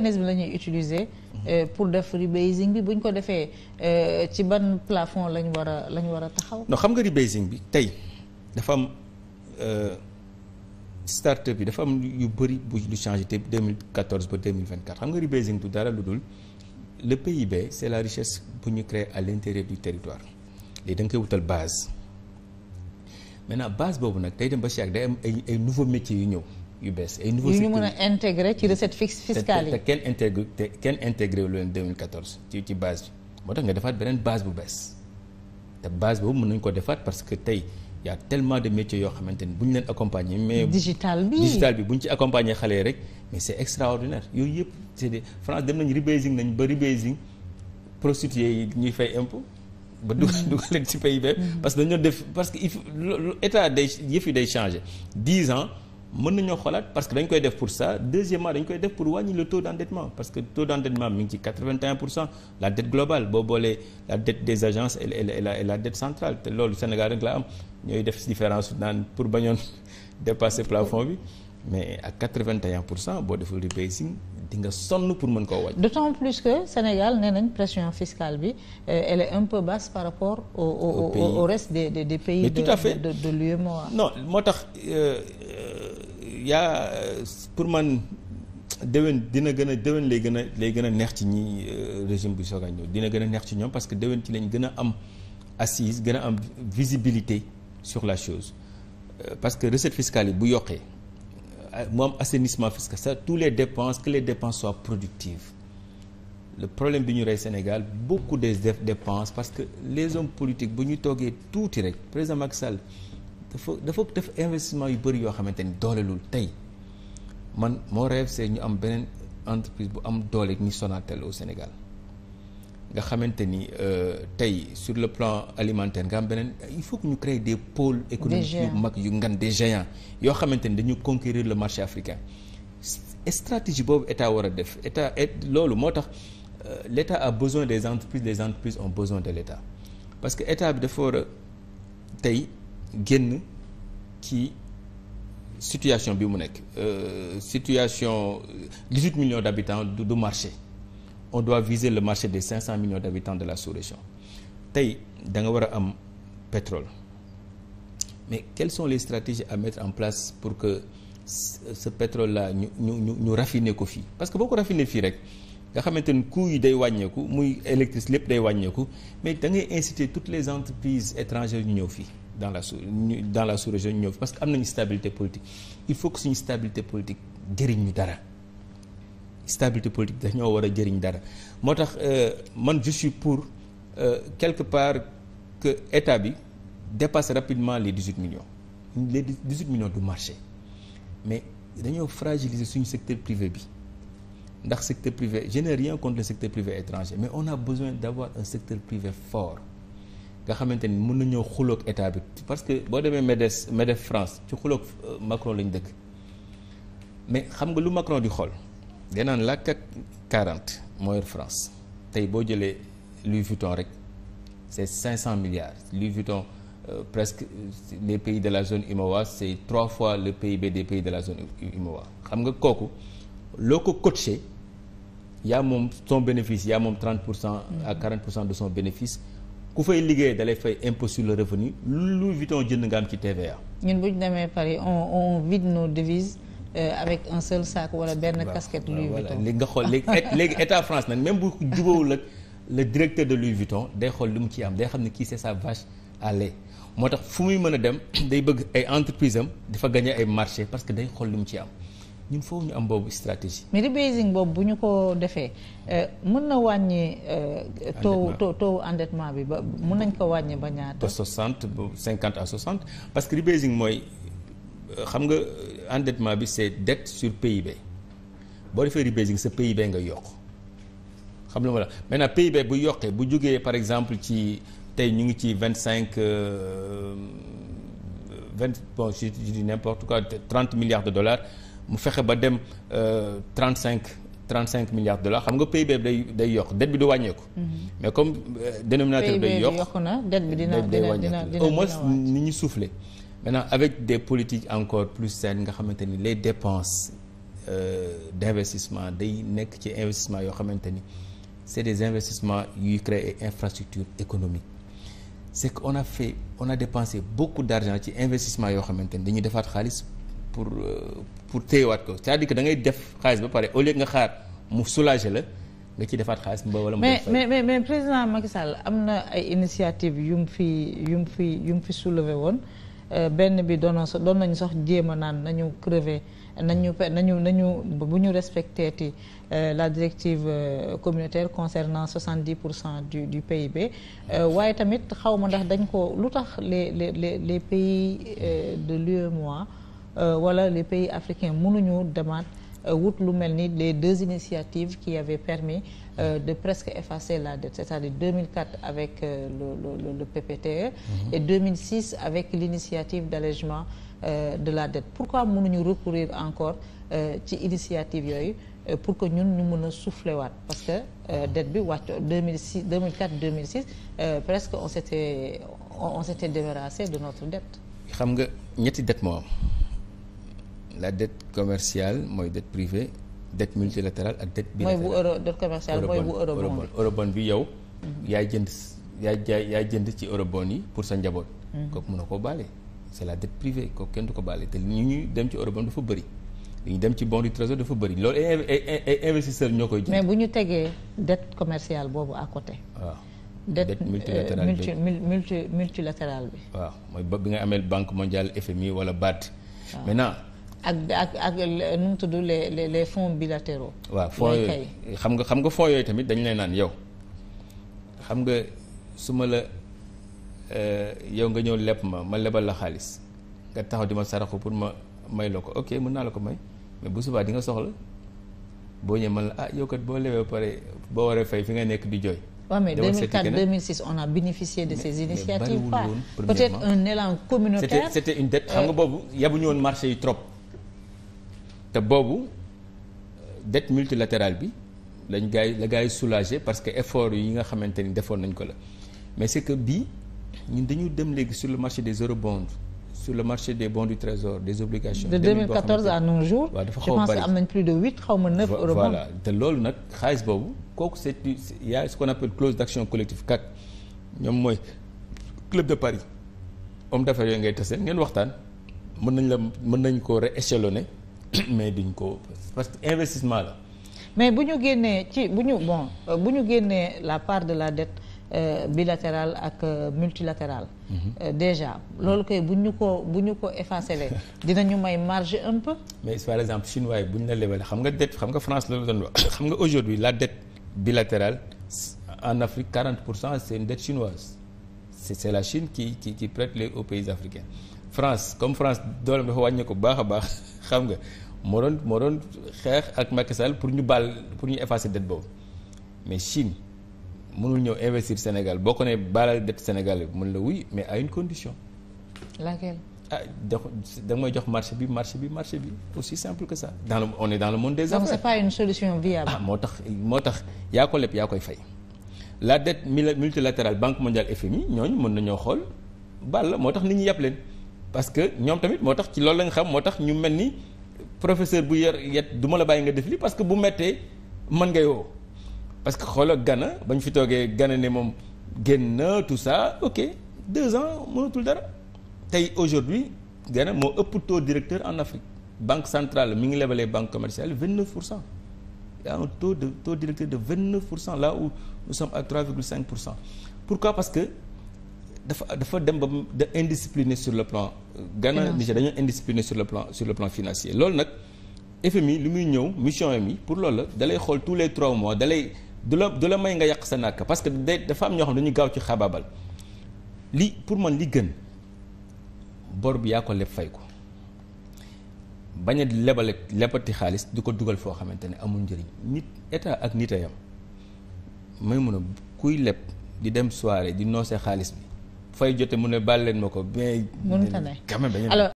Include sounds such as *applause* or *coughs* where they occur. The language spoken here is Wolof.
mécanisme la ñuy utiliser mhm. euh, pour def rebasing bi bu ñu ko defee euh, ci ban plafond lañ war a lañ war a taxaw non xam nga rebasing bi tey dafa am euh, start-up yi dafa am yu bëri bu lu changé te 2014 ba 2024 xam nga rebasing du dara lu dul le PIB c'est la richesse bu ñu créer à l'intérieur du territoire lii da koy wutal base maintenant base boobu nag day dem ba si ak day am ay ay nouveaux yu ñëw yu bees ay nouveaux secteurs yu ñu mën a intégré ci recette fiscale yi te kenn intégré te kenn intégré wu leen 2014 ci ci base bi moo tax nga defaat beneen base bu bees te base boobu mën nañ ko defaat parce que tey y' a tellement de métiers yoo xamante ni bu ñu leen accompagner. mais digital bi digital bi bu ñu ci accompagner xale yi rek mais c' extraordinaire yooyu yëpp c' est France dem nañ rebasing nañ ba rebasing prostituées yi ñuy fay impôt. ba mm-hmm. dugal dugal p ci mm-hmm. parce que dañoo def parce que il état day yëf day changé dix ans. mën nañoo xoolaat parce que dañ koy def pour ça deuxièmement dañ koy def pour wàññi le taux d' endettement parce que taux d' endettement mi ngi ci 81 pour cent la dette globale boo boolee la dette des agences la dette centrale te loolu Sénégal rek la am ñooy def différence naan pour bañoon *laughs* dépasser plafond bi mais ak 81 pour cent boo deful rebasing di nga sonn pour mën koo wàññi. d' autant plus que Sénégal nee pression fiscale bi euh, elle est un peu basse par rapport au au des des, moo euh, yaa pour man déwén dina gën a déwén lay gën a lay gën a neex ci ñi euh, régime bi soog a ñëw dina gën a neex ci ñoom parce que déwén ci lañ gën a am assise gën a am visibilité sur la chose euh, parce que recette fiscale yi bu yokkee euh, mu am assainissement fiscal ça tous les dépenses que les dépenses soient productives le problème bi ñu rey Sénégal beaucoup des dépenses parce que les hommes politiques bu ñu toogee tuuti rek président Macky Sall dafa def investissement yu bëri yoo xamante ni doolelul tey man moo rêve c'est ñu am beneen entreprise bu am doole ñu Sonatel au Sénégal nga xamante ni euh, tey sur le plan alimentaire nga am beneen il faut que ñu créer des pôles économiques yu mag yu ngan des géants yoo xamante ni dañu conquérir le marché africain stratégie boobu état war a def état loolu moo tax euh, l'état a besoin des entreprises les entreprises ont besoin de l'état parce que état bi dafa war a tey génn ci situation bi mu nekk euh, situation 18 euh, millions d'habitants du du marché on doit viser le marché des 500 millions d'habitants de la sous tey danga war a am pétrole mais quelles sont les stratégies à mettre en place pour que ce pétrole là ñu ñu ñu ñu raffiner ko fii parce que boo ko raffiner fii rek nga xamante ni coût yi day wàññeeku muy électrice lépp day wàññeeku mais da ngay inciter toutes les entreprises étrangères ñu ñëw fii. dans la sous dans la sous-région ñëw parce que am nañu stabilité politique il faut que suñu stabilité politique jëriñ ñu dara stabilité politique daf ñoo war a jëriñ dara moo tax euh, man je pour euh, quelque part que état bi dépasse rapidement les 18 millions les 18 millions du marché mais dañoo fragiliser suñu secteur privé bi ndax secteur privé je n'ai rien contre le secteur privé étranger mais on a besoin d'avoir un secteur privé fort nga xamante ni na nañoo xuloog état bi parce que boo demee MEDES MEDEF France ci xuloog euh, Macron lañ dëkk mais xam nga lu Macron di xool day naan la CAC 40 France tey boo jëlee Louis Vuitton rek c' est 500 milliards Louis Vuitton euh, presque euh, les pays de la zone UMOA c' est trois fois le PIB des pays de la zone UMOA xam nga kooku loo ko coaché yaa moom son bénéfice yaa moom 30 pour cent à 40 pour cent de son bénéfice. ku fay liggéey dalay fay impôt sur le revenu lu Louis Vuitton jënd nga am ci TVA. ñun bu ñu demee Paris on on vide nos devises. Euh, avec un seul sac wala benn casquette Louis Vuitton léegi nga xool *laughs* léegi léegi état France nag même bu jubawul ak le directeur de Louis Vuitton day xool lu mu ciy am day xam ne kii c'est sa vache à moo tax fu muy mën a dem day bëgg ay entreprise am dafa gagner ay marché parce que day xool lu mu ciy am ñun foofu ñu am boobu stratégie. mais rebasing boobu bu ñu ko defee euh, mën na wàññi. Euh, endettement taux taux bi ba mën nañ ko wàññi ba ñaata. ba 60 ba 50 à 60 parce que rebasing mooy euh, xam nga endettement bi c'est dette sur PIB boo defee rebasing sa PIB nga yokk xam nga wala maintenant PIB bu yokkee bu jógee par exemple ci tey ñu ngi ci 25. vingt bon je dis n'importe quoi trente milliards de dollars mu fexe ba dem euh, trente cinq trente cinq milliards de dollars xam nga PIB day day yokk dette bi du wàññeeku. Mhm. mais comme euh, dénominateur day yokk na dette bi dina dina dina dina au moins ni ñu soufflé maintenant des politiques encore plus saines xamante ni les dépenses euh, d' investissement day nekk ci investissement yoo xamante ni c' est des investissements yuy créer infrastructure économique c' est que on a fait on a dépensé beaucoup d' ci investissement yoo xamante ni dañuy defaat xaalis. pour euh, pour téyewaat ko c'est-à-dire da ngay def xaalis ba pare au lieu nga xaar mu soulager la nga ci defaat xaalis mba wala. mais mais mais président Macky Sall am na ay initiative yu mu fi yu mu fi yu mu fi soulever woon euh, benn bi doon na doon nañu sax jéem a naan nañu crever nañu nañu nañu bu ñu respecté ti euh, la directive communautaire concernant 70 pour cent du du be waaye tamit xaw ma ndax dañ ko lu tax les les les les pays de mois wala euh, les pays africains mënuñu demaat euh, wut lu mel ni les deux initiatives qui avaient permis euh, de presque effacer la dette c'est-à-dire 2004 avec euh, le, le, le PPTE mm-hmm. et 2006 avec l'initiative d'allègement euh, de la dette pourquoi mënuñu recourir encore euh, ci initiative yooyu pour que ñun ñu mën a souffler parce que dette bi wàcc 2006 2004 2006 presque on s'était on, on s'était débarrassé de notre dette xam nga ñetti dette moo la dette commerciale mooy dette privée dette multilatérale ak dette bilatérale. mooy bu euro dette commerciale mooy bu eurobond bi eurobond yow. Mhm. yaa jënd yaa jënd ci eurobond yi pour sa njaboot. Mhm. kooku mën a koo baale. c' la dette privée kooku kenn du ko baale te ñu ñuy dem ci eurobond dafa bëri. dañu dem ci bon du trésor dafa bëri loolu ay investisseurs ñoo koy. mais bu ñu tegee dette commerciale boobu à waaw dette euh, multilatérale bi waaw mooy bi nga amee banque mondiale FMI ak ak ak nu mu tudd les les les fonds bilatéraux. waa fonds yooyu xam nga xam nga fonds yooyu tamit dañu lay naan yow xam nga su ma la euh, yow nga ñëw lepp ma ma lebal la xaalis nga taxaw di ma saraxu pour ma may la ko ok mun naa la ko may mais bu subaa di nga soxla boo ñëwee man la ah yow kat boo lewee pare boo waree fay fi nga nekk di jooy. waaw a bénéficié de ces initiatives. pas peut-être un élan communautaire. c'était c'était dette xam nga boobu yebu woon marché yi trop. te boobu euh, dette multilatérale bi lañ gars yi la gars yi soulagé parce que effort yi nga xamante ni defoon nañ ko la mais c'est que bii ñun dañu dem léegi sur le marché des eurobonds sur le marché des bons du trésor des obligations. de 2014 à nos jours. waaw dafa xaw a bari je pense am nañ plus de huit ma neuf eurobonds. te loolu nag xaalis boobu kooku c'est y a ce qu'on appelle clause d'action collective CAC ñoom mooy club de Paris homme d'affaires yooyu ngay taseel ngeen waxtaan mën nañ la mën nañ ko rééchelonner. *clears throat* mais duñ ko parce que investissement la. mais bu ñu génnee ci bu ñu bon euh, bu ñu génnee la part de la dette euh, bilatérale ak euh, multilatérale. Mm -hmm. déjà loolu koy bu ñu ko bu ñu ko effacé dinañu may marge un peu. mais par exemple chinois bu ñu la lebal xam nga dette xam nga France la doon wax *coughs* xam nga aujourd'hui la dette bilatérale en Afrique 40 pour cent c'est une dette chinoise c'est c'est la Chine ci ci qui prête les aux pays africains. France comme France dooleem dafa wàññeeku bu baax a baax xam nga moo doon moo doon xeex ak Macky Sall pour ñu baal pour ñu effacer dette boobu mais Chine mënul ñëw investir Sénégal boo ko nee baalal dette Sénégal bi mun la wuy mais à une condition. laquelle. ah jox da nga jox marché bi marché bi marché bi aussi simple que ça. dans le on est dans le monde des affaires donc c'est pas une solution viable. Ah, moo tax moo tax yaa ko leb yaa koy fay la dette multilatérale banque mondiale FMI ñooñu mën nañoo xool bal la moo tax nit ñi yàpp parce que ñoom tamit moo tax ci loolu la xam moo tax ñu mel ni professeur bu yor yet du la bàyyi nga def li parce que bu mettee man ngay woo parce que xoolal Gana ba fi toogee Gana ne moom génn na ça ok deux ans mënatul dara tey aujourd'hui Gana moo ëpp taux directeur en Afrique banque centrale mi ngi lebalee banque commerciale vingt neuf pour cent y a un taux de taux directeur de vingt neuf pour cent la où nous sommes à trois virgule cinq pour cent pourquoi dafa dafa dem ba da indiscipliné sur le plan euh, Ghana Niger dañoo indiscipliné sur le plan sur le plan financier loolu nag FMI li muy ñëw mission yi pour loolu la dalay xool tous les trois mois dalay du la du la may nga yàq sa nàkk parce que day dafa am ñoo xam ne dañuy gaaw ci xabaabal li pour man li gën bor bi yaa ko leb fay ko bañ a lebale lebati xaalis di ko dugal foo xamante ne amul njëriñ nit état ak nit nitayam may mun a kuy leb di dem soirée di noose xaalis bi fay jote mu ne baal leen ma ko mais. mënut a ne quand